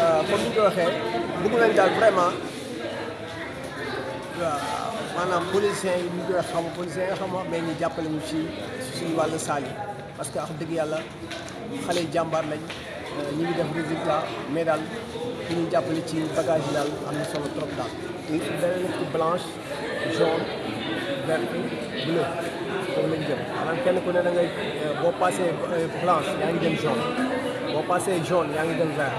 Euh, comme ni nga ko waxee bëgg nañ daal vraiment maanaam policiers yi ñu koy xam policiers yi nga ñu jàppale ñu ci suñu wàllu saal yi parce que wax dëgg yàlla xale jàmbaar lañ euh, ñu ngi def résultat mais daal fi ñuy jàppale ci bagage daal am na solo trop daal. beneen ci blanche jaune verte bleu foofu lañ jëm maanaam kenn ku ne da euh, boo passé blanche yaa ngi jaune boo passé jaune yaa ngi dem vert.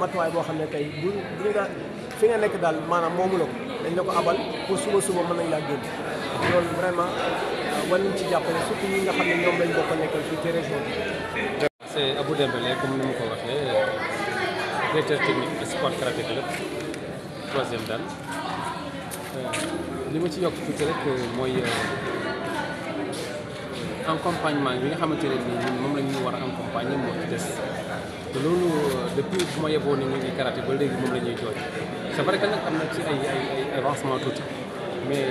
matuwaay boo xam ne tey bu bu ñu fi nga nekk daal maanaam moomulo ko dañ la ko abal pour suba suba mën nañ laa génn lool vraiment euh, war nañ ci jàppale surtout ñi nga xam ne ñoom lañ bokk a nekkal fii ci région bi. c'est ni mu waxee directeur technique sport karaté club troisième dan euh, li ma ci yokk tuuti rek euh, mooy accompagnement bi nga xamante ne bi moom la ñu war a accompagner moo ci des. te loolu depuis bu ma yeboo ñu ngi karaté ba léegi moom la ñuy jooy c'est vrai que nag am na ci ay ay ay avancement tuuti mais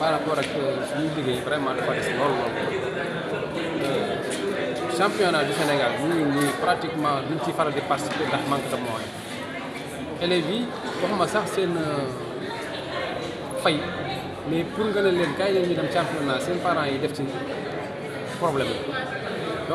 par rapport ak suñuy liggéey vraiment dafa des lool lool. Euh, championnat du Sénégal ñu ngi pratiquement duñ ci faral di participer ndax manque de moyens élèves yi ma sax seen euh, fay mais pour nga ne leen kaay la ñuy dem championnat seen parents yi def ci problème la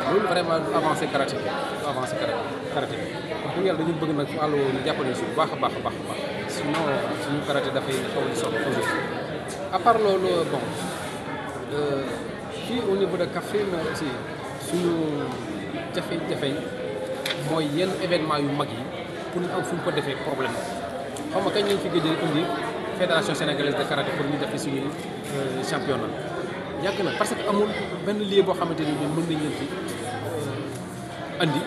loolu vraiment du avancé karaté bi du avancé karaté bi wax dëgg yàlla dañu bëgg nag fu àllo ñu bu baax a baax a baax a baax suñu karaté dafay xaw a soxla aujourd'hui à part loolu bon euh, fii au niveau de Kaffrine aussi suñu jafe-jafe mooy yenn événement yu mag yi pour ñu am fu ko defee problème xaw ma kañ lañ fi gëj indi fédération sénégalaise de karaté pour ñu defee suñu euh, championnat yàgg na parce que amul benn lieu boo xamante ni bii mën nañ leen fi euh, andi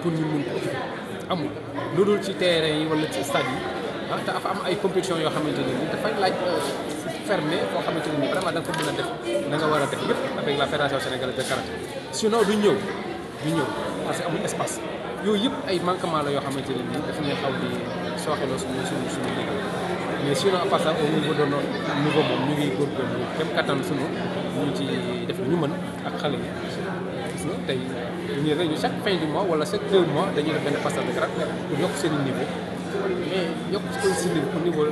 pour ñu mun ko amul lu dul ci terrain yi wala ci stade yi ah dafa am ay compétition yoo xamante ne bii dafay laaj euh, fermé xamante ne bii vraiment da nga da nga war a def yëpp avec la fédération sénégalaise de karaté sinon du ñëw du ñëw parce que amul espace yooyu yëpp ay manquement la yoo xamante ne bii daf ñuy xaw di sooxeloo suñu suñu suñu liggéey mais sinon à part ça au niveau niveau moom ñu ngi góorgóorlu képp kattan suñu. ñu ngi ci def lu ñu mën ak xale yi gis nga tey ñu réunion chaque fin du mois wala chaque deux mois dañuy def benn passage de grade pour yokk seen niveau mais yokk ko aussi au niveau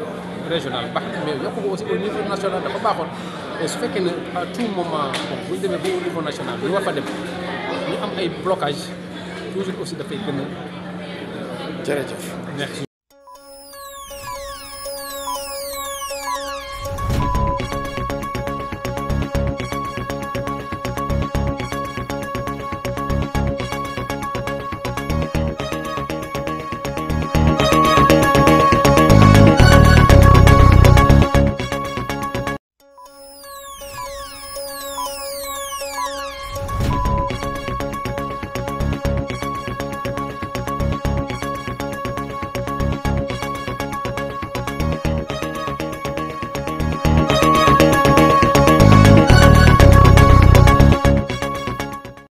régional baax mais yokk ko aussi au niveau national dafa baaxoon et su fekkee ne à tout moment bon bu ñu demee ba au niveau national ñu war fa dem ñu am ay blocage toujours aussi dafay gën a euh, jërëjëf merci